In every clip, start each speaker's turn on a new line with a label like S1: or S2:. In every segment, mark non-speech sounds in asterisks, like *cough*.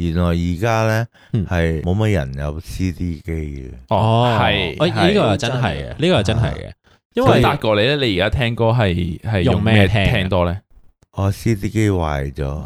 S1: 原來而家咧係冇乜人有 CD 機嘅。哦，係，我呢個係真係嘅，
S2: 呢個係真係嘅。因為達哥你咧，你而家聽歌係係用咩聽多咧？我 CD 機壞咗，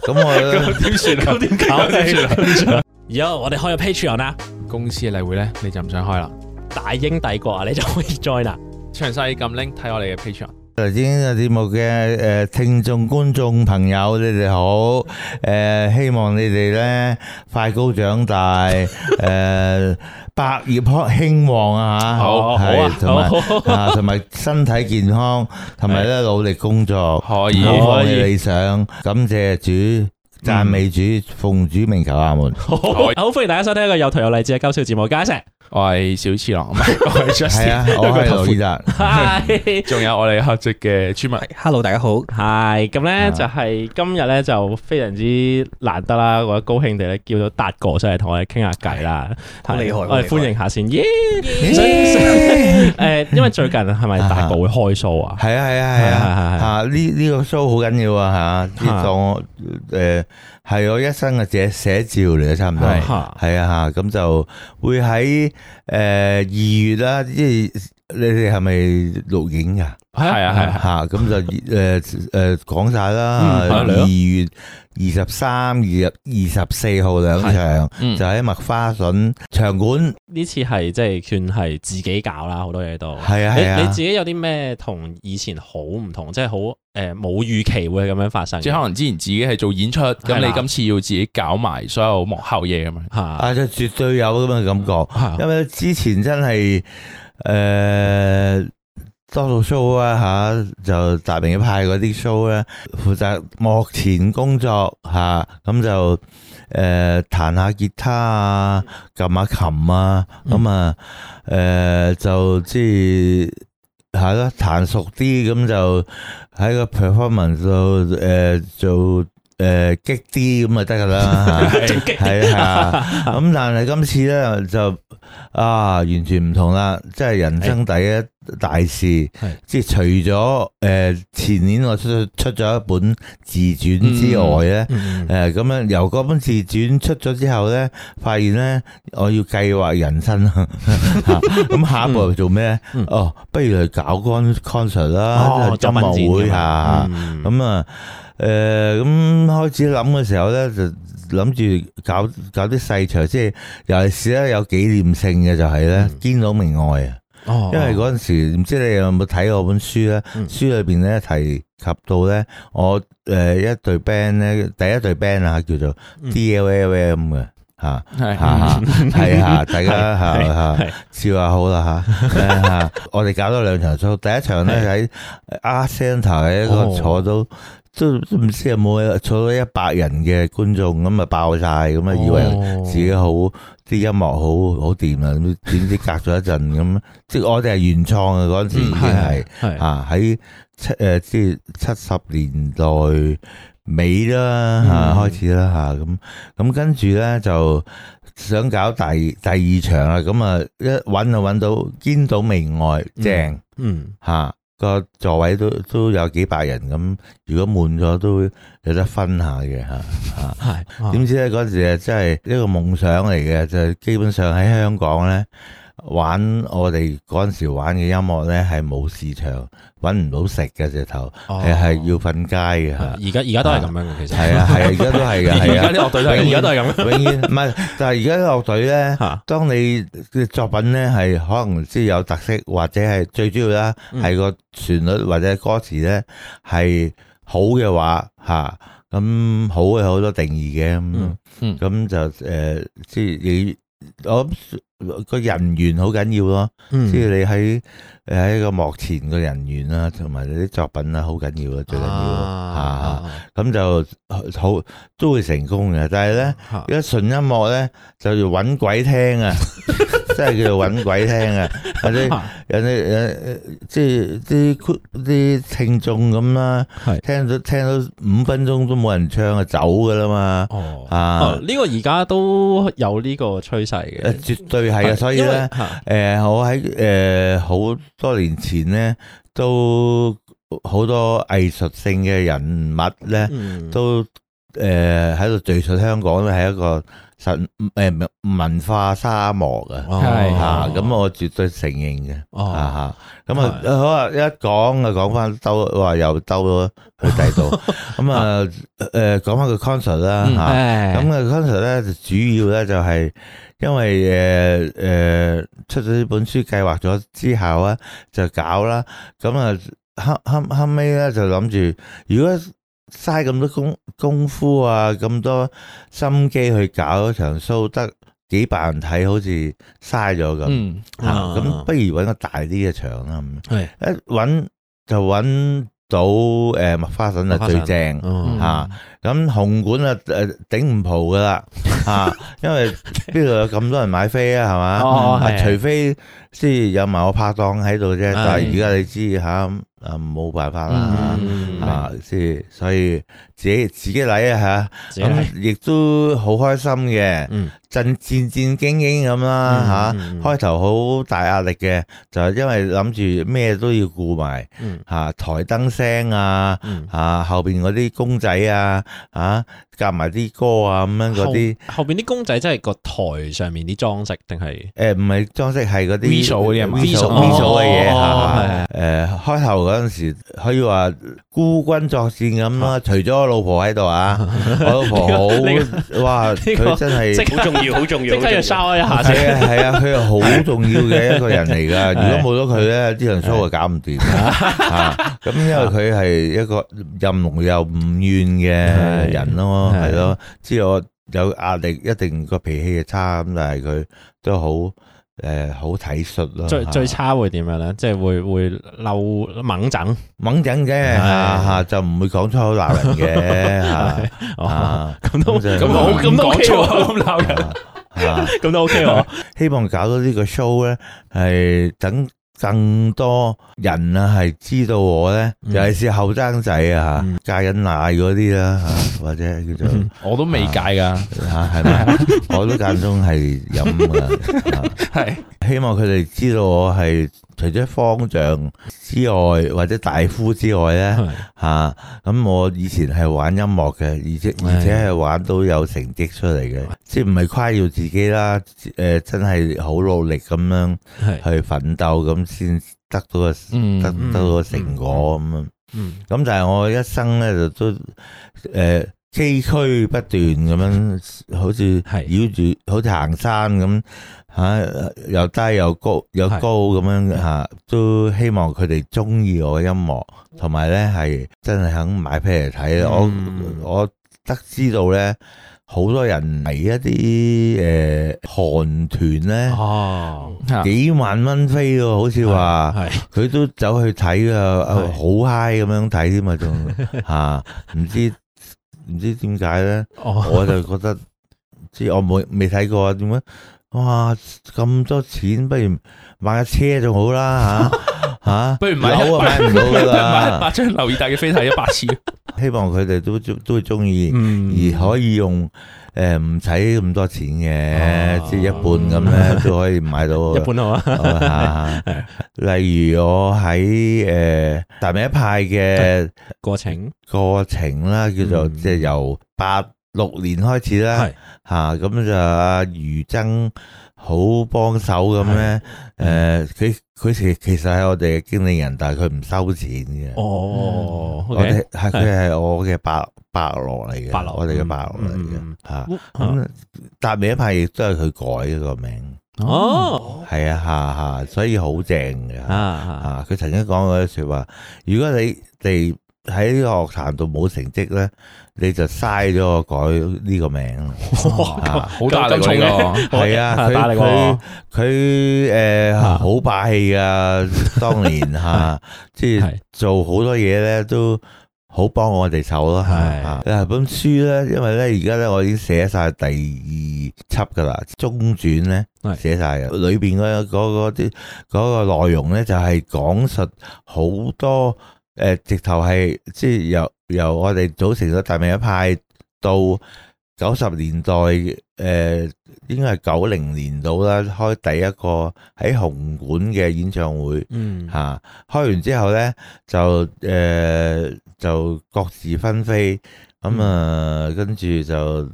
S2: 咁我點算？點搞呢？而家我哋開個 Patreon 啦。公司嘅例會咧，你就唔想開啦？大鷹帝國啊，你就可以 join 啦。詳細撳鈴睇我哋嘅 Patreon。
S1: 嚟聽呢個節目嘅，誒聽眾觀眾朋友你，你哋好誒，希望你哋咧快高長大，誒、呃、百業興旺啊吓，係同埋啊同埋身體健康，同埋咧努力工作，可以 *laughs* 意理想，感謝主。讚美主，奉主名求，阿門。
S2: 好歡迎大家收聽一個有圖有勵志嘅搞笑節目，家姐，我係小次郎，我係 Justin，我係仲有我哋客席嘅村民，Hello，大家好，係咁咧就係今日咧就非常之難得啦，我好高興地咧叫咗達哥上嚟同我哋傾下偈啦，太厲害，我哋歡迎下先，耶，誒，因為最近係咪達哥會開 show 啊？係啊係啊係
S1: 啊，吓呢呢個 show 好緊要啊吓，呢個誒。係我一生嘅寫寫照嚟嘅。差唔多係啊，咁、啊、就會喺誒二月啦，即係你哋係咪錄影？啊？係啊，係吓、啊 *laughs* 嗯，咁、啊、就誒誒講晒啦。二月二十三、二二十四號兩場，就喺麥花臣場館。呢次係即
S2: 係算係自己搞啦，好多嘢都係啊，是啊你，你你自己有啲咩同以前好唔同？即係好誒，冇、呃、預期會咁樣發生。即係可能之前自己係做演出，咁你今次要自己搞埋所有幕後嘢咁樣。係啊，啊，就絕對有咁嘅感覺。
S1: 因為之前真係誒。呃多數 show 啊吓，就達明派嗰啲 show 咧，負責幕前工作吓，咁就誒彈下吉他啊，撳下琴啊，咁啊誒就即係咯彈熟啲，咁就喺個 performance 度誒做誒激啲咁就得噶啦吓，係啊，咁但係今次咧就啊完全唔同啦，即係人生第一。大事，即係除咗誒、呃、前年我出出咗一本自傳之外咧，誒咁樣由嗰本自傳出咗之後咧，發現咧我要計劃人生咁、 *laughs* *laughs* 啊、下一步嚟做咩 *laughs* 哦，不如去搞 concert 啦，音樂瓶摩會嚇、啊，咁啊誒咁開始諗嘅時候咧，就諗住搞搞啲細場，即係尤其是咧有紀念性嘅就係咧堅道明愛啊！因為嗰陣時唔知你有冇睇過本書咧，書裏邊咧提及到咧，我誒一隊 band 咧，第一隊 band 啊叫做 D.L.L.M. 嘅吓，係吓係吓，大家吓吓笑下好啦吓吓，我哋搞咗兩場 show，第一場咧喺 Art Centre 喺一個坐到。都唔知都有冇坐咗一百人嘅觀眾咁啊爆晒咁啊，以為自己好啲、哦、音樂好好掂啦，點知隔咗一陣咁， *laughs* 即係我哋係原創嘅嗰陣時已經係，係、嗯、啊喺七誒即係七十年代尾啦吓、啊、開始啦吓咁咁跟住咧就想搞第二第二場啦，咁啊一搵就搵到肩到未外正，嗯吓。嗯個座位都都有幾百人咁，如果滿咗都有得分下嘅吓，係點 *laughs* 知咧嗰時啊，真係一個夢想嚟嘅，就係、基本上喺香港咧。玩我哋嗰陣時玩嘅音樂咧，係冇市場，搵唔到食嘅只頭，係係要瞓街嘅。而家而家都係咁樣嘅，其實係、哦、啊，係而家都係嘅，係啊， *laughs* 而家啲樂隊都係，而家都係咁。永遠唔係，但係而家啲樂隊咧，當你嘅作品咧係可能先有特色，或者係最主要啦，係個旋律或者歌詞咧係好嘅話，吓咁好係好多定義嘅。咁咁就誒，即、呃、係你。我諗個人緣好緊要咯，即係、嗯、你喺喺個幕前個人緣啦，同埋你啲作品啦，好緊要咯，最緊要吓，咁、啊啊、就好都會成功嘅。但係咧，啊、一純音樂咧就要揾鬼聽啊！ *laughs* 真係叫做揾鬼聽啊！或者有啲有即係啲啲聽眾咁啦，聽到聽到五分鐘都冇人唱就走噶啦嘛！
S2: 啊、哦，呢、啊呢個而家都有呢個趨勢嘅， *laughs* 絕對係以啊！所以咧，
S1: 誒我喺誒好多年前咧，都好多藝術性嘅人物咧，嗯、都誒喺度聚集香港咧，係一個。神誒文化沙漠啊，嚇！咁我絕對承認嘅，嚇嚇。咁啊，好啊，一講啊，講翻兜話又兜咗去第二度。咁啊，誒講翻個 concert 啦嚇。咁啊，concert 咧就主要咧就係因為誒誒出咗呢本書計劃咗之後啊，就搞啦。咁啊，後後後尾咧就諗住如果。嘥咁多功功夫啊，咁多心機去搞一場 show，得幾百人睇，好似嘥咗咁。嗯嗯、啊，咁不如揾個大啲嘅場啦。係一揾就揾到誒，麥花臣就最正。吓。嗯啊嗯咁紅館啊誒頂唔蒲噶啦吓，因為邊度有咁多人買飛啊係嘛？除非即係有埋我拍檔喺度啫，但係而家你知吓，誒冇辦法啦吓，即係所以自己自己嚟啊吓，咁亦都好開心嘅，震戰戰兢兢咁啦吓，開頭好大壓力嘅，就係因為諗住咩都要顧埋吓台燈聲啊吓後邊嗰啲公仔啊。啊。夾埋啲歌啊咁樣嗰啲，
S2: 後邊啲公仔真係個台上面啲裝飾定係？
S1: 誒，唔係裝飾，係嗰啲 visual 嘅嘢，visual 嘅嘢吓。誒，開頭嗰陣時可以話孤軍作戰咁咯，除咗我老婆喺度啊，我老婆好哇，佢真係好重要，好重要，即刻要 show 一下。係啊係啊，佢係好重要嘅一個人嚟噶，如果冇咗佢咧，啲人 show 就搞唔掂啊。咁因為佢係一個任勞又唔怨嘅人咯。係咯，知我有壓力，一定個脾氣嘅差咁，但係佢都好誒，好體恤咯。最的最
S2: 差會點樣咧？即係會會漏猛整，猛整嘅，吓，就唔會講粗口鬧人嘅吓。咁都咁都咁都 O K 喎，咁鬧嘅吓，咁都 O K 喎。
S1: 希望搞到呢個 show 咧，係等。更多人啊，係知道我咧，嗯、尤其是後生仔啊，戒緊奶嗰啲啦，吓、啊、 *laughs* 或者叫做、嗯、我都未戒噶吓，係咪啊？ *laughs* 我都間中係飲噶，係希望佢哋知道我係。除咗方丈之外，或者大夫之外咧，嚇咁的、啊、我以前係玩音樂嘅，而且而且係玩到有成績出嚟嘅。的即係唔係誇耀自己啦，誒、呃、真係好努力咁樣去奮鬥，咁先得到個的得到個成果咁的、嗯、樣。咁但係我一生咧，就都誒、呃、崎嶇不斷咁樣，好似繞住，好似行山咁。吓、啊，又低又高，又高咁樣吓、啊，都希望佢哋中意我嘅音樂，同埋咧係真係肯買票嚟睇。嗯、我我得知道咧、呃哦，好多人嚟一啲誒韓團咧，幾萬蚊飛喎，好似話佢都走去睇是啊，好嗨咁樣睇添嘛，仲吓唔知唔知點解咧？哦、我就覺得即 *laughs* 我冇未睇過，點樣？哇！咁多錢，不如買架車仲好啦吓吓，不如買樓啊，買唔到㗎喇！買八
S2: 張劉以達嘅飛睇一百次，
S1: 希望佢哋都都中意，而可以用誒唔使咁多錢嘅，即係一半咁咧都可以買到。一半啊，例如我喺誒大尾一派嘅過程過程啦，叫做即係由八。六年開始啦，吓，咁就阿余爭好幫手咁咧。誒是，佢佢其其實係我哋嘅經理人，但係佢唔收錢嘅。哦，okay, 嗯、我哋係佢係我嘅伯伯樂嚟嘅，伯樂我哋嘅伯樂嚟嘅吓。咁、嗯、達明派亦都係佢改個名。哦，係啊，吓吓，所以好正嘅。吓吓，佢曾經講過一啲說話，如果你哋，你你你你喺呢個樂壇度冇成績咧，你就嘥咗我改呢個名。好 *laughs* 大力個，係啊，佢佢誒好霸氣啊。當年吓，即係 *laughs* 是、啊、做好多嘢咧都好幫我哋手咯，係是啊。本書咧，因為咧而家咧我已經寫晒第二輯噶啦，中轉咧寫晒嘅，裏邊嗰啲嗰個內容咧就係講述好多。誒、呃、直頭係即係由由我哋組成咗達明一派，到九十年代誒、呃，應該係九零年度啦，開第一個喺紅館嘅演唱會。嗯、啊，嚇開完之後咧就誒、呃、就各自分飛，咁啊跟住就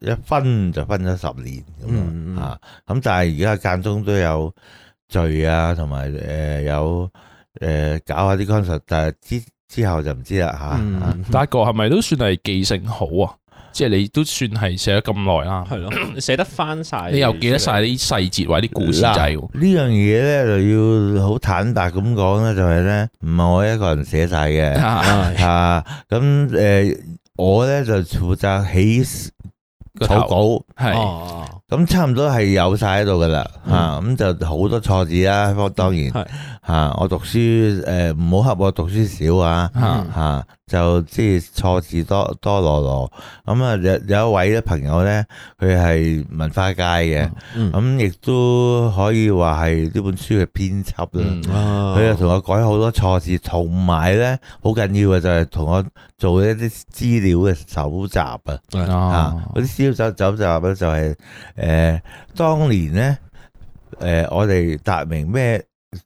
S1: 一分就分咗十年咁啊。咁、啊、但係而家間中都有聚啊，同埋誒有。呃有誒，搞下啲綱常，嗯、但係之之後就唔
S2: 知啦吓。達哥係咪都算係記性好啊？即、就、係、是、你都算係寫咗咁耐啦。係咯，寫得翻晒，你又記得晒啲細節或者啲故事仔、啊。啊、樣呢樣嘢
S1: 咧就要好坦白咁講咧，就係咧唔係我一個人寫晒嘅吓。咁誒、啊 *laughs* 啊呃，我咧就負責起草稿，係。咁、啊、差唔多係有晒喺度噶啦。吓咁、嗯啊、就好多錯字啦，方當然係。嗯吓、啊！我讀書誒，唔好恰我讀書少啊！吓就即係錯字多多羅羅咁啊！就就羅羅嗯、有有一位咧朋友咧，佢係文化界嘅，咁亦都可以話係呢本書嘅編輯啦。佢又同我改好多錯字，同埋咧好緊要嘅就係同我做一啲資料嘅搜集啊！吓嗰啲資料搜搜集咧就係誒、就是呃、當年咧誒、呃、我哋達明咩？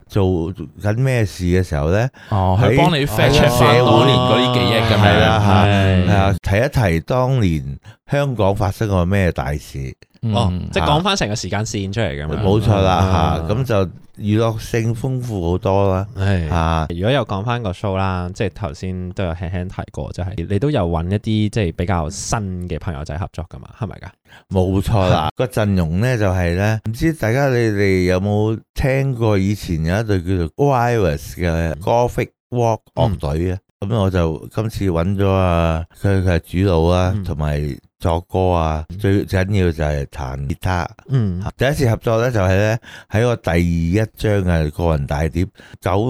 S1: 做緊咩事嘅時候咧？哦，佢幫你 fetch 社會、哦、當年嗰啲記憶咁樣嚇，係啊，提一提當年香港發生過咩大事？哦，嗯、
S2: 即係講翻成個時間線出嚟咁，冇錯、嗯、啦吓，咁、嗯啊、就娛樂性豐富好多啦，係、嗯、啊。如果有講翻個 show 啦，即係頭先都有輕輕提過，就係、是、你都有搵一啲即係比較新嘅朋友仔合作噶嘛，係咪噶冇錯啦，啊、個陣容咧就係、是、咧，唔知大家你哋有冇聽
S1: 過以前有一隊叫做 Virus 嘅 Gothic Rock 隊啊？咁、嗯、我就今次揾咗啊，佢佢係主腦啊，同埋作歌啊，最緊要就係彈吉他。嗯，第一次合作呢，就係呢，喺我第一張嘅個人大碟九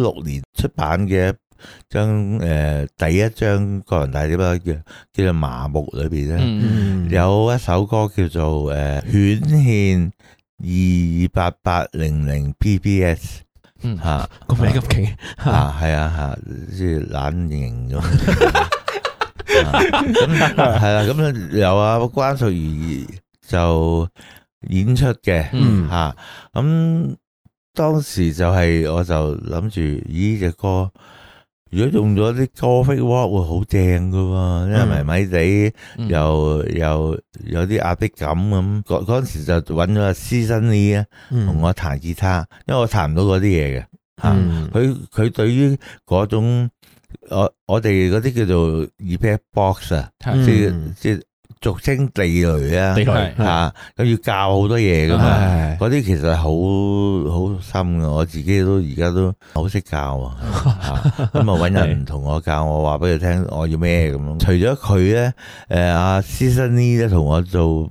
S1: 六年出版嘅，張誒第一張個人大碟啦、啊，叫叫做《麻木》裏邊咧，嗯嗯、有一首歌叫做誒《犬獻二八八零零 P P S》。 *noise* 嗯吓個名咁勁啊，係啊吓，即係懶型咁，咁係啦，咁有啊關淑怡就演出嘅嗯吓咁、嗯啊嗯、當時就係我就諗住咦隻、這個、歌。如果用咗啲 coffee cup 會好正嘅喎，啊，嗯、因為咪咪哋又又有啲壓迫感咁。嗰嗰陣時就揾咗個師生呢同我彈吉他，因為我彈唔到嗰啲嘢嘅嚇。佢、啊、佢、嗯、對於嗰種我我哋嗰啲叫做 effects box 啊，即即、嗯。俗稱地雷啊，嚇雷！咁是要教好多嘢噶嘛，嗰啲是的 其實好好深噶，我自己都而家都好識教喎。咁啊搵人同我教，我話俾佢聽我要咩咁樣。除咗佢咧，誒阿師叔呢都同我做。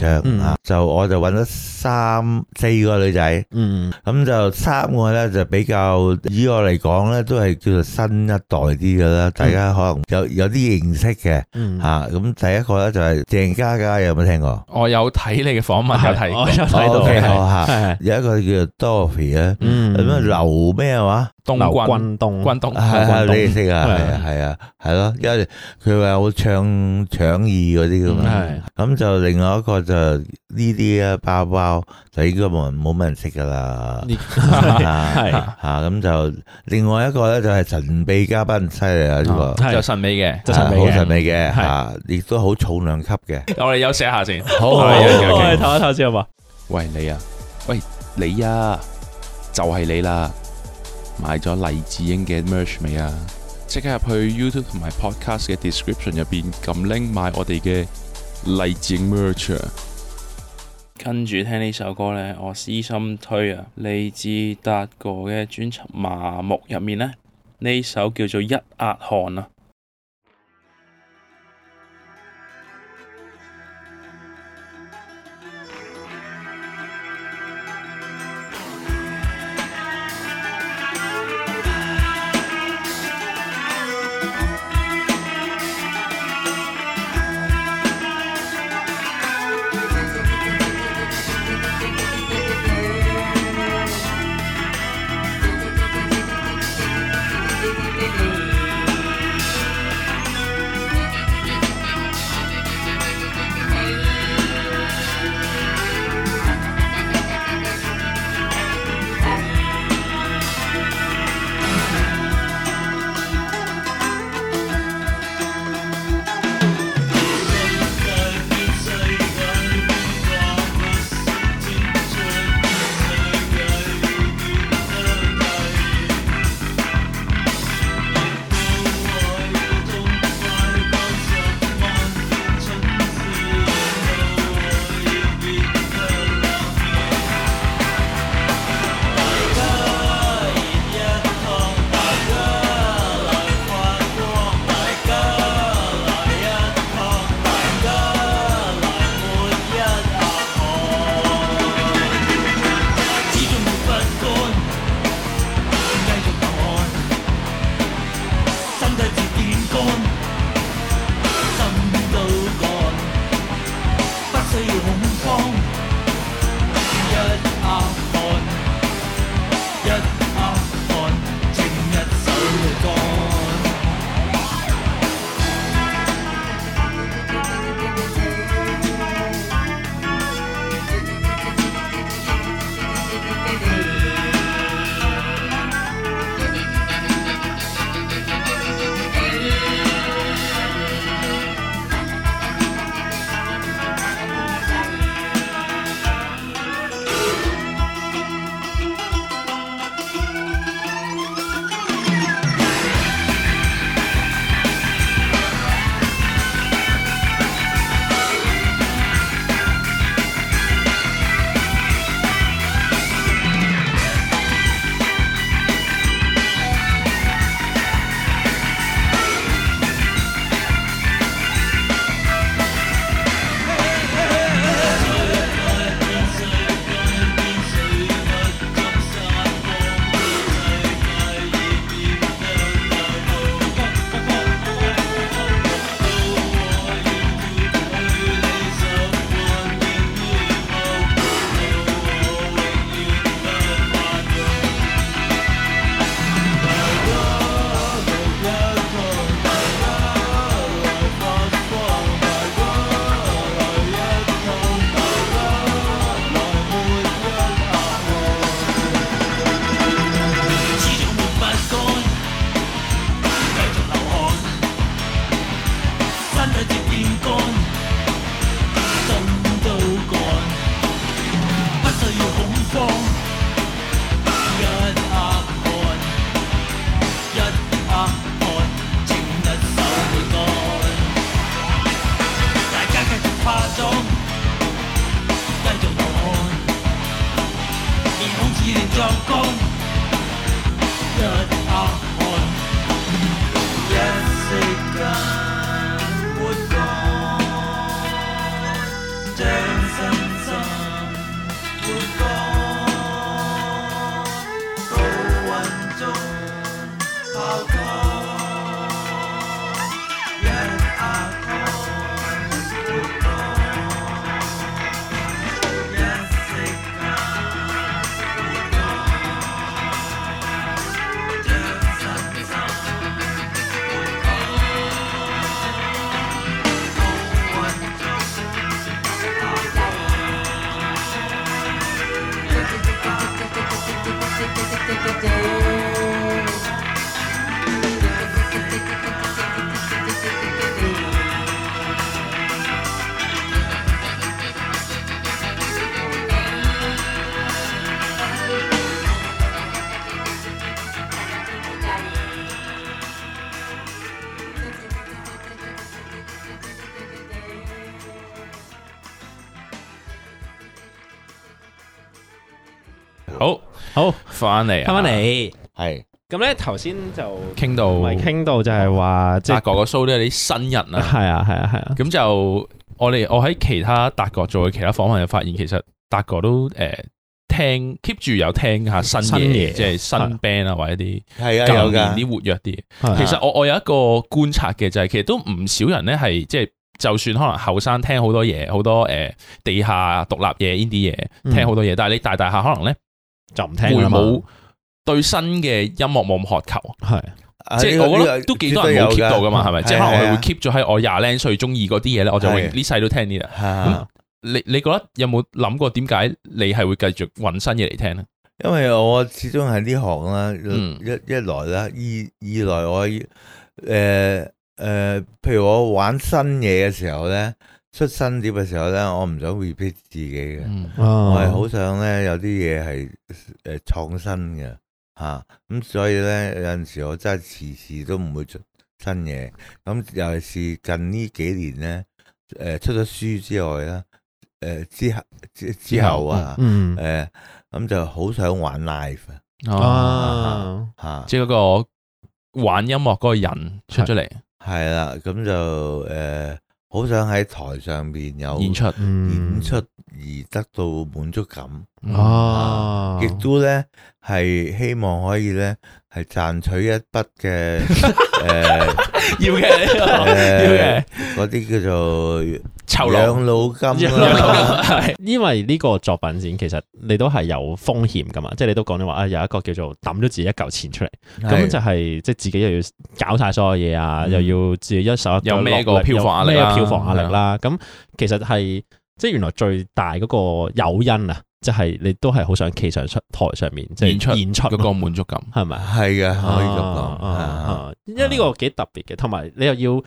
S1: 就啊，就我就揾咗三四個女仔，嗯，咁就三個咧就比較以我嚟講咧都係叫做新一代啲嘅啦，大家可能有有啲認識嘅，吓，咁第一個咧就係鄭嘉嘉，有冇聽過？
S2: 我有睇你嘅訪問，有睇，有睇到幾好，有
S1: 一個叫做 Dorothy 嘅，咁啊，劉咩話？東軍，
S2: 東軍，東，係啊，你識啊？係啊，係啊，
S1: 係咯，因為佢有唱唱戲嗰啲咁，係咁就另外一個。就呢啲啊包包，就應該冇冇乜人食㗎喇。係啊，咁就另外一個咧，就係神秘嘉賓，犀利啊呢個。有、這個這個、
S2: 神秘嘅，好神秘
S1: 嘅，嚇，亦都好重量級嘅。
S2: 我哋休息一下先。好，我哋唞一唞先好嘛。喂你啊，喂你啊，就係你啦。買咗黎智英嘅 merch 未啊？即刻入去 YouTube 同埋 Podcast 嘅 description 入邊撳 link 買我哋嘅。勵志 murder，跟住聽呢首歌呢，我私心推啊，嚟自達哥嘅專輯《麻木》入面呢，呢首叫做《一額汗》啊。翻嚟，翻翻嚟，係咁咧。頭先是就傾到，傾到就係、是、話，達哥個 show 都有啲新人啊。係啊，係啊，係啊。咁就我哋，我喺其他達哥做嘅其他訪問又發現，其實達哥都誒、呃、聽 keep 住有聽下新嘢，新即係新 band 啊的，或者啲係啊，有啲的活躍啲。其實我我有一個觀察嘅就係、是，其實都唔少人咧係即係，就是、就算可能後生聽好多嘢，好多誒、呃、地下獨立嘢、呢啲嘢，聽好多嘢，但係你大大下可能咧。就唔聽啊嘛，會對新嘅音樂冇咁渴求，係的，啊、即係我覺得、這個這個、都幾多人都 keep 到噶嘛，係咪？的的即係可能係會 keep 咗喺我廿零歲中意嗰啲嘢咧，的我就永呢世的都聽呢。係的，你你覺得有冇諗過點解你係會繼續揾新嘢嚟聽咧？
S1: 因為我始終係呢行啦，一一,一來啦，二二來我誒誒、呃呃，譬如我玩新嘢嘅時候咧。出新碟嘅時候咧，我唔想 repeat 自己嘅，嗯哦、我係好想咧有啲嘢係誒創新嘅吓，咁、啊、所以咧有陣時我真係次次都唔會出新嘢，咁尤其是近呢幾年咧，誒、呃、出咗書之外啦，誒、呃、之後之後啊，誒咁、嗯嗯呃、就好想玩 live、哦、啊，吓即係個玩音樂嗰個人出咗嚟，係啦，咁就誒。好想喺台上邊有演出，嗯、演出而得到滿足感。啊，啊！亦都咧係希望可以咧係賺取一筆嘅誒，要嘅要嘅
S2: 嗰啲叫做。湊兩老金、啊，啊、因為呢個作品展其實你都係有風險㗎嘛，即、就、係、是、你都講咗話啊，有一個叫做抌咗自己一嚿錢出嚟，咁是 就係即係自己又要搞晒所有嘢啊，嗯、又要自己一手有咩個票房壓力，咩個票房壓力啦、啊啊，咁是、啊、其實係即係原來最大嗰個誘因啊，即係你都係好想企上出台上面即係演出嗰個滿足感係咪？係嘅是、啊吧，可以咁講，因為呢個幾特別嘅，同埋你又要。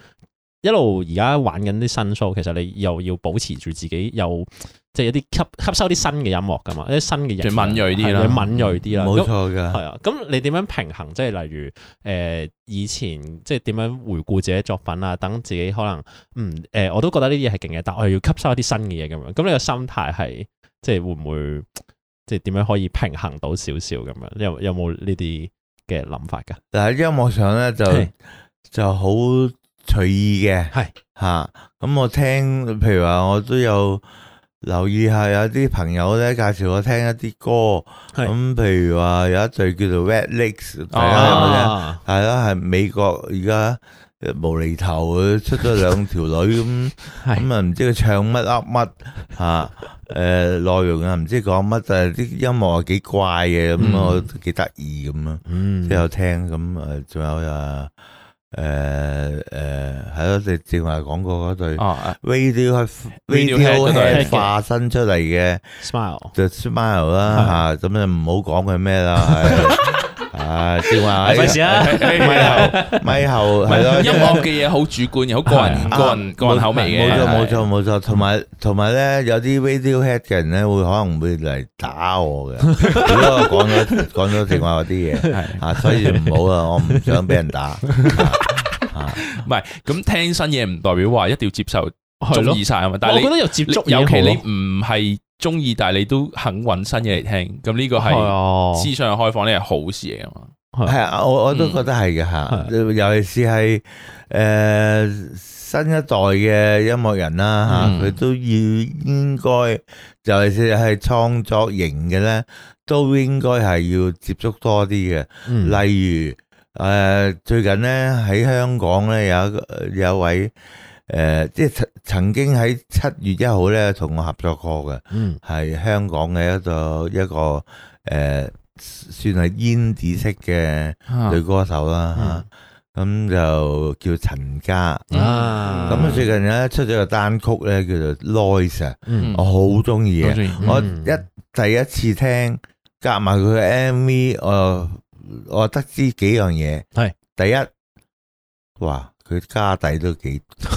S2: 一路而家玩緊啲新 show，其實你又要保持住自己有，又即係有啲吸吸收啲新嘅音樂噶嘛，一啲新嘅嘢，最敏銳啲啦，敏銳啲啦，冇錯噶，係啊。咁你點樣平衡？即係例如誒、呃，以前即係點樣回顧自己作品啊？等自己可能嗯誒、呃，我都覺得呢啲係勁嘅，但我又要吸收一啲新嘅嘢咁樣。咁你個心態係即係會唔會即係點樣可以平衡到少少咁樣？有有冇呢啲嘅諗法噶？
S1: 但係音樂上咧就的就好。隨意嘅，係吓咁我聽，譬如話我都有留意下，有啲朋友咧介紹我聽一啲歌，咁是譬如話有一隊叫做 Red Lights 係啦係美國而家無厘頭出咗兩條女咁，咁啊唔知佢唱乜噏乜吓，誒內容啊唔知講乜，但係啲音樂幾怪嘅咁我幾得意咁啊，都有聽咁啊，仲有啊。嗯誒誒，係咯，呃，你正話講過嗰對，Radiohead 係 Radiohead 係化身出嚟嘅，smile，嗯嗯嗯，就 smile 啦，吓，咁就唔好講佢咩啦。啊，笑話，咪先啦，咪後，
S2: 咪後，係咯，音樂嘅嘢好主觀，又好個人，個人，個人口味嘅。冇錯，冇錯，
S1: 冇錯。同埋，同埋咧，有啲 Radiohead 嘅人咧，會可能會嚟打我嘅，如果我講咗，講咗電話嗰啲嘢，啊，所以唔好啊，我唔想俾人打。
S2: 唔係，咁聽新嘢唔代表話一定要接受。中意晒！啊嘛。但係你覺得有接觸，尤其你唔係中意但係你都肯搵新嘢嚟聽，咁呢個係思想開放，呢係好事嚟啊嘛！
S1: 係啊，我我都覺得係嘅吓，尤其是係誒，新一代嘅音樂人啦吓，佢都要應該，尤其是係創作型嘅咧，都應該係要接觸多啲嘅。例如誒，最近咧喺香港咧有一個有位。誒、呃，即係曾曾經喺七月一號咧，同我合作過嘅，係、嗯、香港嘅一個一個誒、呃，算係胭脂式嘅女歌手啦吓，咁就叫陳嘉，咁、啊嗯啊啊、最近咧出咗個單曲咧叫做 NOISY、嗯、我好中意嘅，我一、嗯、第一次聽夾埋佢嘅 M V，我我得知幾樣嘢，係是第一，哇！佢家底都幾，
S2: 幾， *laughs* *laughs*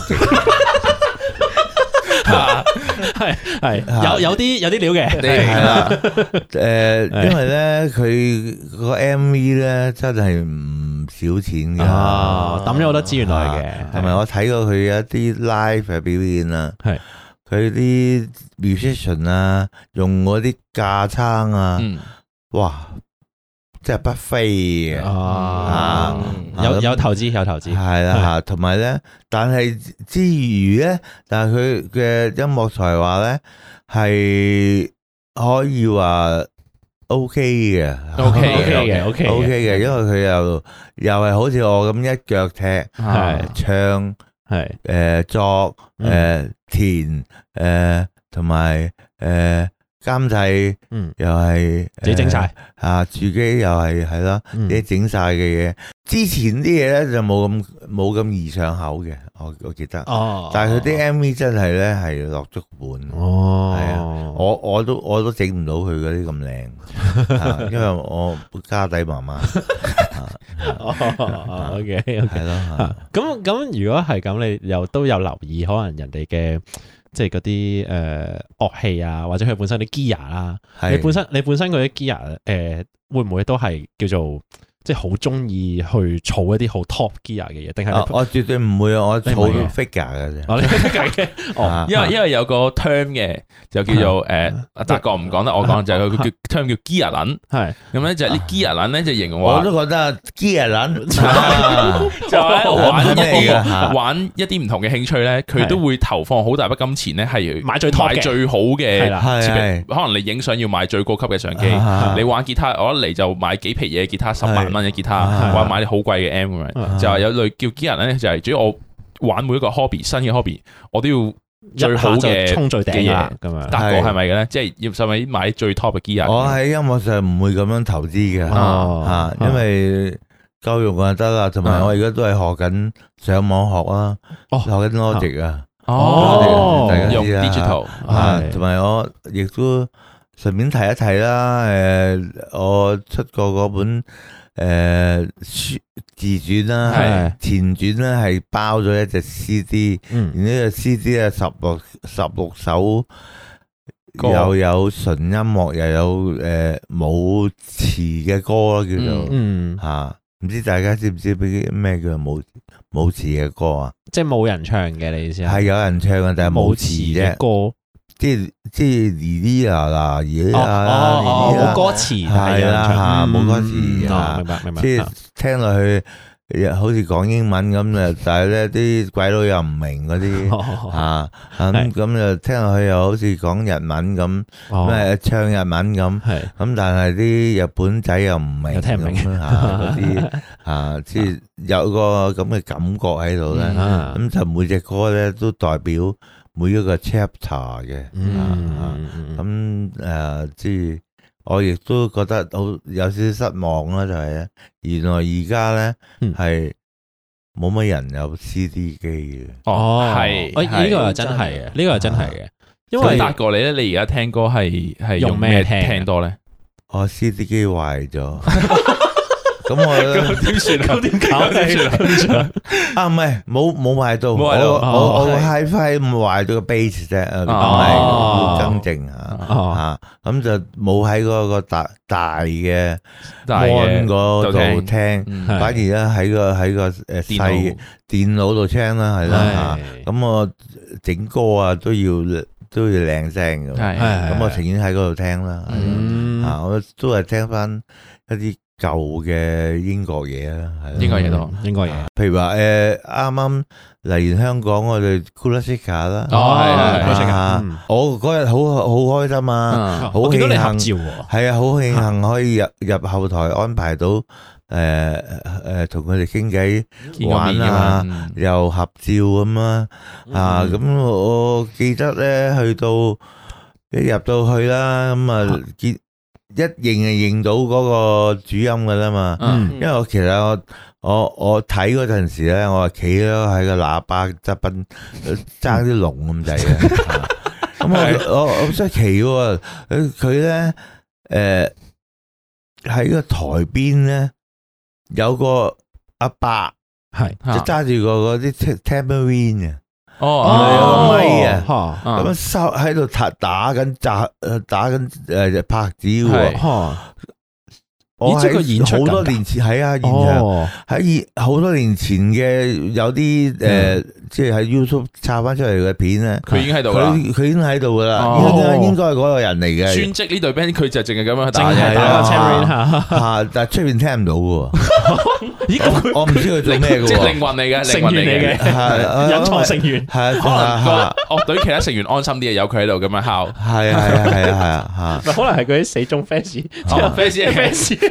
S2: *laughs* 係係有有啲有啲料嘅。誒、呃，因為
S1: 咧佢個 MV 咧真係唔少錢嘅，啊，抌咗好多資源落去嘅，同埋、啊、我睇過佢有一啲 live 嘅表演啦，係佢啲 musician 啊，用嗰啲架撐啊，哇！即係不菲嘅啊！有有投資有投資係啦，同埋咧，但係之餘咧，但係佢嘅音樂才華咧係可以話 OK 嘅，OK 嘅，OK 嘅，OK 嘅，因為佢又又係好似我咁一腳踢，係唱係誒作誒填誒同埋誒。監製，嗯，又係自己整晒，啊，自己又係係咯，自己整晒嘅嘢。之前啲嘢咧就冇咁冇咁易上口嘅，我我記得，哦，但係佢啲 MV 真係咧係落足本，哦，係啊，我我都我都整唔到佢嗰啲咁靚，因為我家底麻麻，
S2: 哦，OK，係咯，咁咁如果係咁，你又都有留意可能人哋嘅。即係嗰啲誒樂器啊，或者佢本身啲 gear 啦，你本身你本身嗰啲 gear 誒、呃，會唔會都係叫做？即係好中意去儲一啲好 top gear 嘅嘢，定係我絕對唔會啊！我儲 figure 嘅啫，figure 嘅哦，因為因為有個 term 嘅就叫做阿達哥唔講得，我講就係佢叫 term 叫 gear 輪，係咁咧就係啲 gear 輪咧就形容我都覺得 gear 輪就玩玩一啲唔同嘅興趣咧，佢都會投放好大筆金錢咧，係買最買最好嘅設備，可能你影相要買最高級嘅相機，你玩吉他我一嚟就買幾皮嘢吉他十萬蚊。吉他，話買啲好貴嘅 Am 咪，就係有類叫 gear 咧，就係主要我玩每一個 hobby，新嘅 hobby，我都要最好嘅衝最頂嘅，咁啊，但係係咪嘅咧？即係要係咪買最 top 嘅 gear。我
S1: 喺音樂上唔會咁樣投資嘅，吓、哦，因為夠用就得啦。同埋我而家都係學緊上網學、哦學 ic, 哦、啊，學緊 Logic 啊，哦，用 digital 啊，同埋、啊啊啊、我亦都順便提一提啦。誒、啊，我出過嗰本。誒、呃，自傳啦，係前傳啦，係包咗一隻 CD，然之後 CD 啊，十六十六首，歌又有純音樂，又有誒冇詞嘅歌啦、啊，叫做吓，唔、嗯嗯啊、知大家知唔知咩叫冇冇詞嘅歌啊？
S2: 即係冇人唱嘅，你意思係？係有人唱嘅，但係冇詞嘅歌。即係即
S1: 係啲啊嗱，嘢啊冇歌詞係啊吓，冇歌詞啊明白，明白，即係聽落去好似講英文咁啊，但係咧啲鬼佬又唔明嗰啲啊咁，咁又聽落去又好似講日文咁咩唱日文咁，咁，但係啲日本仔又唔明聽唔明吓啲啊，即係有個咁嘅感覺喺度咧，咁就每隻歌咧都代表。每一個 chapter 嘅，咁誒，即係我亦都覺得好有少少失望啦，就係咧，原來而家咧係冇乜人有 CD 機嘅。哦，
S2: 係，又呢個真係嘅，呢個真係嘅。因為達哥你呢，你而家聽歌係係用咩聽多咧？我 CD 機壞咗。咁我點算？咁點搞？點算？點算？啊，唔係，
S1: 冇冇壞到，我我我 hi-fi 壞咗個 bass 啫，唔係唔更正嚇嚇，咁就冇喺嗰個大大嘅安嗰度聽，反而咧喺個喺個誒細電腦度聽啦，係啦嚇。咁我整歌啊都要都要靚聲嘅，咁我情願喺嗰度聽啦。啊，我都係聽翻一啲舊嘅英國嘢啦，英國嘢多，英國嘢。譬如話誒，啱啱嚟完香港，我哋 Kula Shaker 啦，哦係係啊，我嗰日好好開心啊，好慶幸，係啊，好慶幸可以入入後台安排到誒誒同佢哋傾偈玩啊，又合照咁啊，啊咁我記得咧去到一入到去啦，咁啊見。一認就認到嗰個主音噶啦嘛，嗯、因為我其實我我我睇嗰陣時咧，我係企咗喺個喇叭側邊揸啲龍咁滯嘅，咁我我我好出奇喎，佢佢咧誒喺個台邊咧有個阿伯係，啊、就揸住、個嗰啲 tambourine 嘅。
S2: 哦、oh，咪啊，咁
S1: 收喺度打打緊扎，誒打緊誒拍子喎，吓。Wars ieur 22
S2: 我演好多年
S1: 前喺啊現場喺好多年前嘅有啲誒，即係喺 YouTube 插翻出嚟嘅片咧，佢已經喺度，佢已經喺度噶啦，應該應該係嗰個人嚟嘅。專
S2: 職呢隊 band，佢就淨係咁樣打嘅。係，但係出邊
S1: 聽唔到喎。
S2: 咦？我唔知佢整咩嘅，即係靈魂嚟嘅成員嚟嘅，係隱藏成員。係可能樂隊其他成員安心啲，有佢喺度咁樣敲。係啊係啊係啊係啊，嗱，可能係佢啲死忠 fans，fans fans。
S1: 會唔會咁嗱？咁 *laughs* 啊，誒、啊啊啊啊啊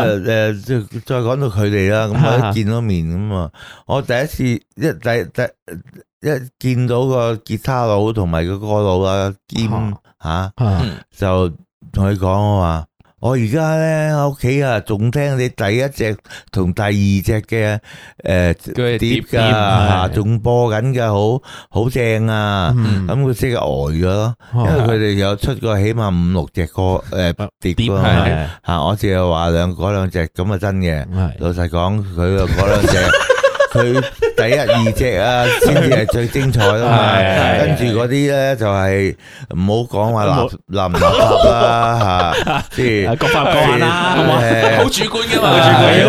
S1: 啊，再再講到佢哋啦。咁、啊、我、啊、見到面咁啊，我第一次一第第一,一,一見到個吉他佬同埋個歌佬啊，兼、啊、吓就同佢講我話。啊 uh, mm hmm. 我而家咧喺屋企啊，仲聽你第一隻同第二隻嘅誒碟噶，仲、呃、播緊嘅，好好正啊！咁佢即係呆咗咯，因為佢哋有出過起碼五六隻歌誒碟噶，吓、呃、的我淨係話兩嗰兩隻咁啊真嘅。的老實講，佢個嗰兩隻。 *laughs* 佢第一二隻啊，先至係最精彩啊嘛，跟住嗰啲咧就係唔好講話合合唔合啦吓，即係各發各啦，好主觀噶嘛，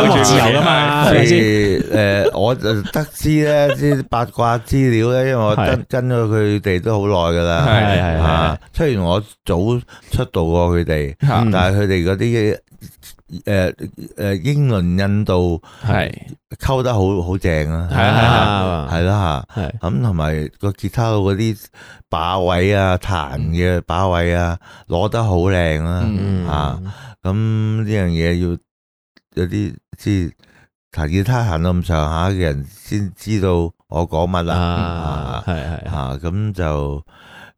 S1: 好自由噶嘛，所以誒，我就得知咧啲八卦資料咧，因為我跟跟咗佢哋都好耐噶啦，雖然我早出道過佢哋，但係佢哋嗰啲嘅。誒誒，英倫印度係溝得好好正啊，係啊係啊，係啦吓，係咁，同埋個吉他嗰啲把位啊，彈嘅把位啊，攞得好靚啊，啊，咁呢樣嘢要有啲即係彈吉他彈到咁上下嘅人先知道我講乜啦，係係啊，咁就。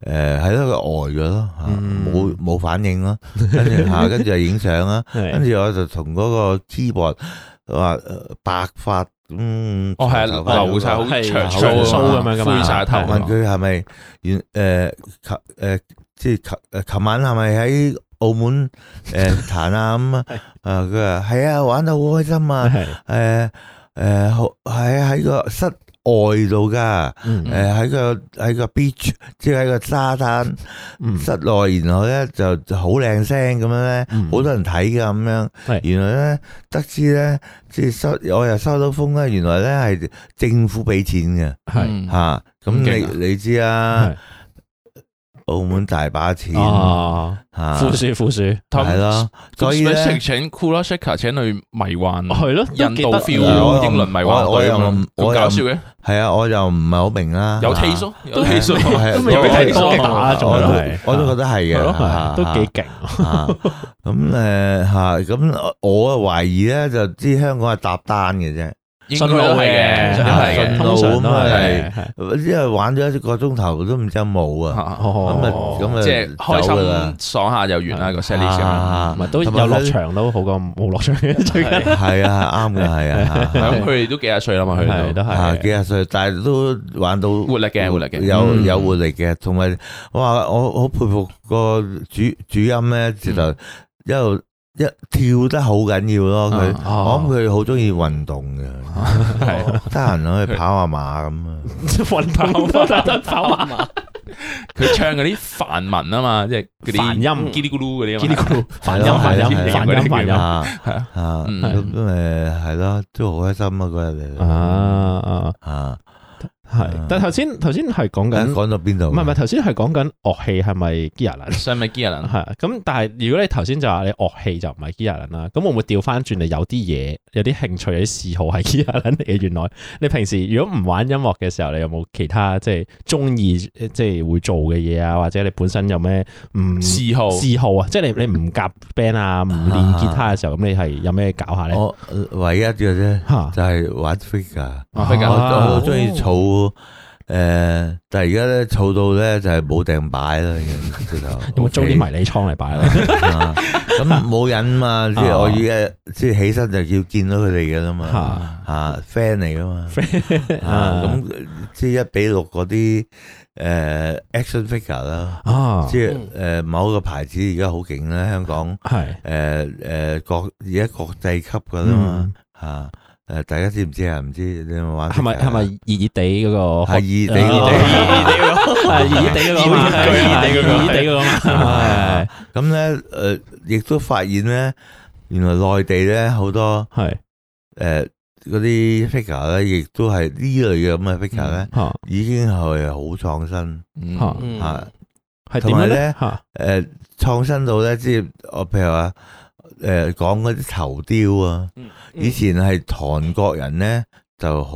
S1: 誒，係咯，佢呆咗咯，吓冇冇反應咯，跟住吓，跟住就影相啦，跟住我就同嗰個 T 博話白髮，嗯，哦係啦，留晒好長長鬚咁樣噶嘛，問佢係咪完誒，誒，即係琴誒琴晚係咪喺澳門誒彈啊咁啊？誒，佢話係啊，玩到好開心啊，誒誒，好喺喺個室。愛到噶，誒喺、嗯呃、個喺個 beach，即係喺個沙灘室內，嗯、然後咧就好靚聲咁樣咧，好、嗯、多人睇噶咁樣。原來咧是得知咧，即係收我又收到風啦。原來咧係政府俾錢嘅，係吓咁你、啊、你知啊。澳門大把錢啊，富士富士係咯，所以咧
S2: 請 Kula Shaker 請去迷幻，係咯，印度 feel 英倫迷幻隊咁搞笑嘅，係啊，我又唔係好明啦，有技術都技術，都未俾踢中打中，我都覺得係嘅，都幾勁。
S1: 咁誒吓，咁我啊懷疑咧，就知香港係搭單嘅啫。辛苦嘅，真係通常都係，因為玩咗一個鐘頭都唔知有冇啊，咁啊咁啊，即係開心
S2: 爽下又完啦個 series 啊，同埋落場都好過冇落場嘅，最近係啊啱嘅係啊，咁佢哋都幾廿歲啦嘛，佢哋
S1: 都係幾廿歲，但係都玩到活力嘅，活力嘅有有活力嘅，同埋我話我好佩服個主主音咧，其實一路。一跳得好緊要咯，佢我諗佢好中意運動嘅，係得閒
S2: 可以跑下馬咁啊！運動都得跑下馬。佢唱嗰啲梵文啊嘛，即係啲音嘰里咕嚕嗰啲啊，梵音係啊係啊係啊係啊，
S1: 咁誒係咯，都好開心啊嗰日嚟啊啊啊！
S2: 係，但頭先頭先係講緊，講、嗯、到邊度？唔係唔係，頭先係講緊樂器係咪 Guitar，所以咪 Guitar 咯，係。咁但係如果你頭先就話你樂器就唔係 Guitar 啦，咁會唔會調翻轉嚟有啲嘢，有啲興趣，有啲嗜好係 Guitar 嚟嘅？原來 *laughs* 你平時如果唔玩音樂嘅時候，你有冇其他即係中意，即係會做嘅嘢啊？或者你本身有咩唔嗜好嗜好啊？即係你你唔夾 band 啊，唔練吉他嘅時候，咁、啊啊、你係有咩搞下咧？唯一嘅啫、啊，就係玩 figure，figure，我好中意儲。
S1: 誒、呃，但係而家咧儲到咧就係冇定擺啦，其實我做啲迷你倉嚟擺啦，咁冇癮嘛，即係我依家即係起身就要見到佢哋㗎啦嘛，吓 friend 嚟噶嘛，
S2: 咁
S1: 即係一比六嗰啲誒 action figure 啦、啊，即係誒某個牌子而家好勁啦，香港係誒誒國而家國際級噶啦嘛，吓、啊。誒，大家知唔知啊？唔知你有冇玩？係咪係咪熱熱地嗰個？係熱地熱地熱地咯，係熱地嗰個，熱地嗰個，熱地嗰個。咁咧，誒，亦都發現咧，原來內地咧好多係誒嗰啲 figure 咧，亦都係呢類嘅咁嘅 figure 咧，已經係好創新吓，係同埋咧，誒，創新到咧，即係我譬如話。誒，講嗰啲頭雕啊，以前係韓國人咧就好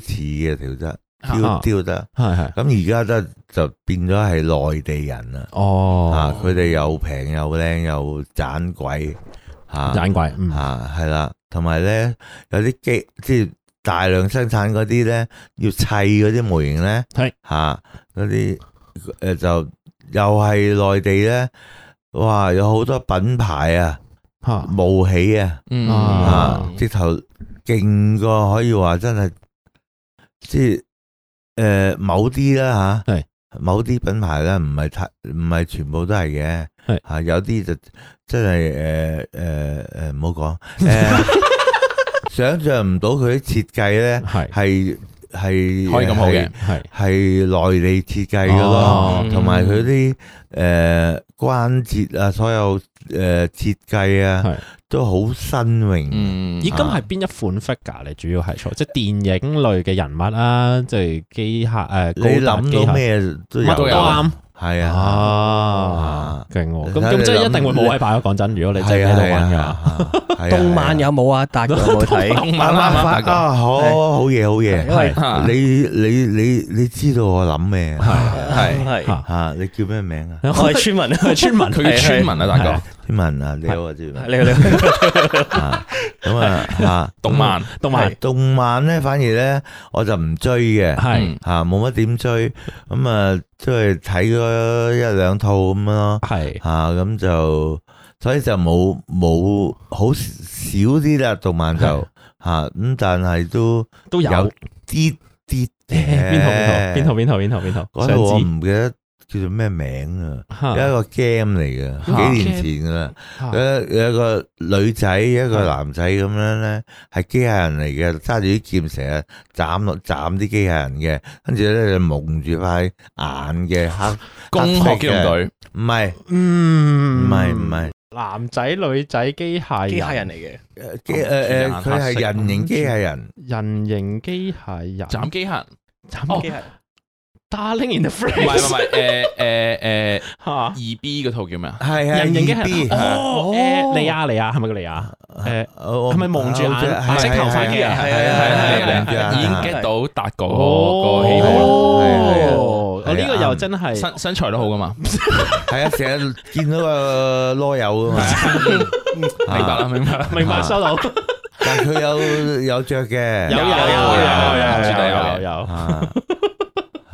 S1: 似嘅調質，雕雕得，咁而家都就變咗係內地人、哦、啊。哦，啊，佢哋又平又靚又盞鬼，盞鬼，啊，係、嗯啊、啦，同埋咧有啲機，即係大量生產嗰啲咧，要砌嗰啲模型咧，係、哎，吓嗰啲誒就又係內地咧，哇，有好多品牌啊！冒起啊！嗯、啊，直頭勁過，可以話真係，即係誒、呃，某啲啦吓，係、啊、某啲品牌咧，唔係太，唔係全部都係嘅，係吓是、啊、有啲就真係誒誒誒，唔好、呃、講，誒、呃，呃呃、 *laughs* 想象唔到佢啲設計咧，係係是。係是可以咁好嘅，係係內地設計嘅咯，同埋佢啲誒關節啊，所有誒設計啊，嗯、都
S2: 好新穎。咦、嗯，啊、咁係邊一款 figure 你主要係錯，即係電影類嘅人物啊，即係機客，誒、呃，你諗到咩都有。係啊，啊，勁喎！咁咁即係一定會冇位擺咯。講真，如果你真係喺度玩嘅，動漫有冇啊？大家有冇睇動漫？大家好，好嘢，好嘢。你
S1: 你你你知道我諗咩？係係係吓，你叫咩名啊？我係村民，係村民，佢村民啊，達哥。問啊，你好啊，朱文，你好你好。咁啊，吓，動漫，動漫，動漫咧，反而咧，我就唔追嘅，係吓，冇乜點追，咁啊，即係睇咗一兩套咁樣咯，係吓，咁就，所以就冇冇好少啲啦，動漫就吓，咁但係都都有啲啲邊套邊套邊套邊套邊套，上次我唔記得。叫做咩名啊？有一個 game 嚟嘅，幾年前噶啦，有有一個女仔一個男仔咁樣咧，係機械人嚟嘅，揸住啲劍成日斬落斬啲機械人嘅，跟住咧就蒙住塊眼嘅黑攻殼機動隊，唔係，嗯，唔係唔係，
S2: 男仔女仔機械機械人嚟嘅，機誒誒，佢係人形機械人，人形機械人，斬機械，斬機械。Darling in the Franxx 唔係唔係，誒誒誒，二 B 嗰套叫咩啊？係人形二 B 利亞利亞，係咪個利亞？係咪蒙住眼，白色頭髮嘅人？係係係係，已經 get 到達哥嗰個喜好。哦，呢個又真係身身材都好噶嘛？係啊，成日見到個囉柚啊
S1: 嘛，明白啦，明白啦，明白收到。
S2: 但佢有有着嘅，有有有有有有有。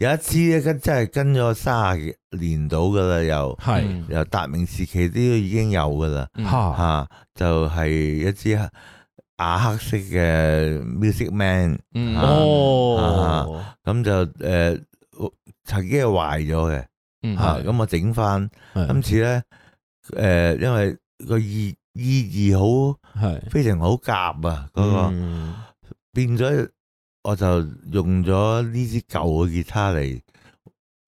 S1: 有一支咧跟真係跟咗卅年到噶啦，又由達明時期啲都已經有噶啦嚇，就係一支亞克色嘅 Music Man，哦，咁就誒曾經係壞咗嘅嚇，咁我整翻，今次咧誒，因為個意意義好係非常好夾啊嗰個變咗。我就用咗呢支舊嘅吉他嚟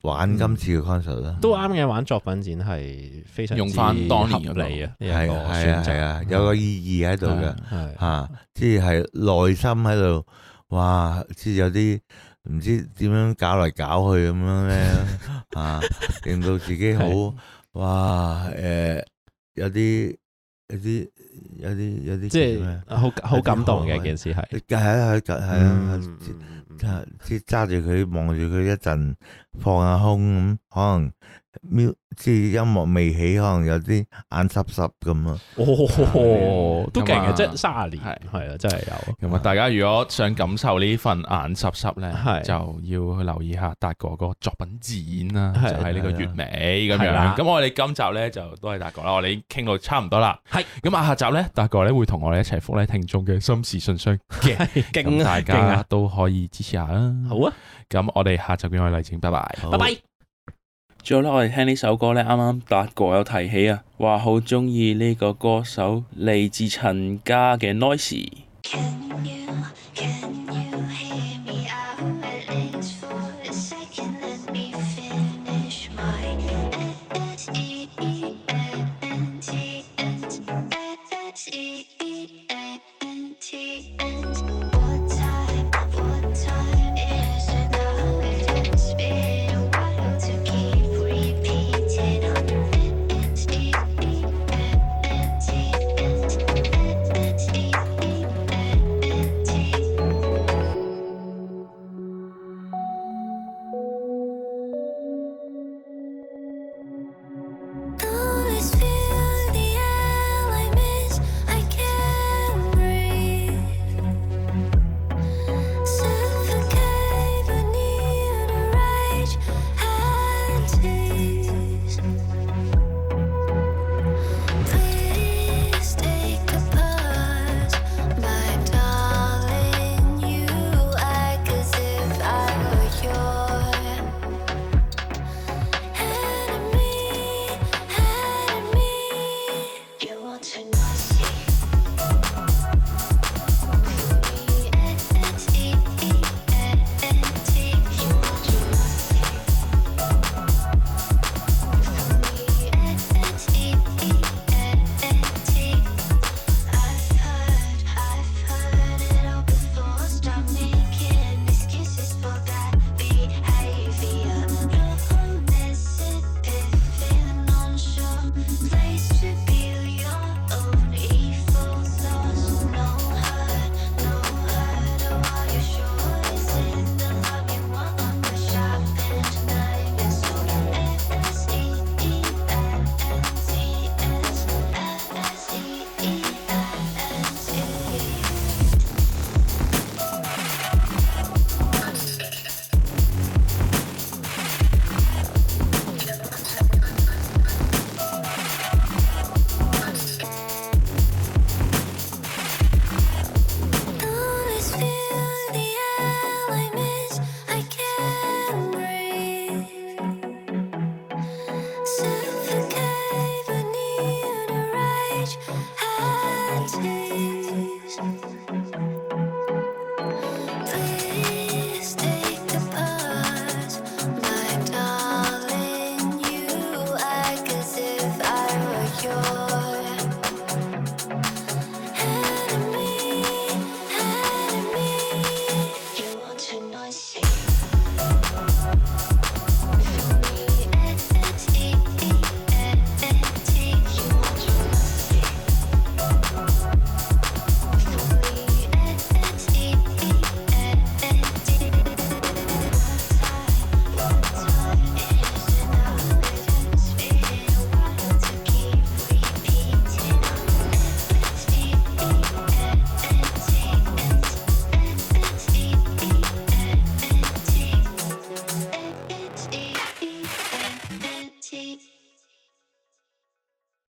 S1: 玩今次嘅 concert 啦，
S2: 都啱嘅。玩作品展係非常之用翻當年嘅嚟啊，係係啊，有個意義喺度嘅，
S1: 吓即係內心喺度，哇！即係有啲唔知點樣搞嚟搞去咁樣咧，吓、 *laughs* 啊、令到自己好 *laughs* 是哇，誒、呃，有啲有啲。有有啲有啲，即係是麼好好有些 感動嘅一他件事係，係啊，係啊，係啊，即係揸住佢望住佢一陣，放下空咁可能。即係音樂
S2: 未起，可能有啲眼濕濕咁啊！哦，都勁嘅，即係三十年，係係啊，真係有。咁啊，大家如果想感受呢份眼濕濕咧，係就要去留意下達哥個作品展啦，就喺呢個月尾咁樣。咁我哋今集咧就都係達哥啦，我哋傾到差唔多啦。係咁啊，下集咧達哥咧會同我哋一齊復咧聽眾嘅心事信箱嘅，咁大家都可以支持下啦。好啊，咁我哋下集見我哋嚟請，拜拜，拜拜。最後咧，我哋聽呢首歌呢，啱啱達哥有提起啊，話好鍾意呢個歌手嚟自陳嘉嘅 NOISY。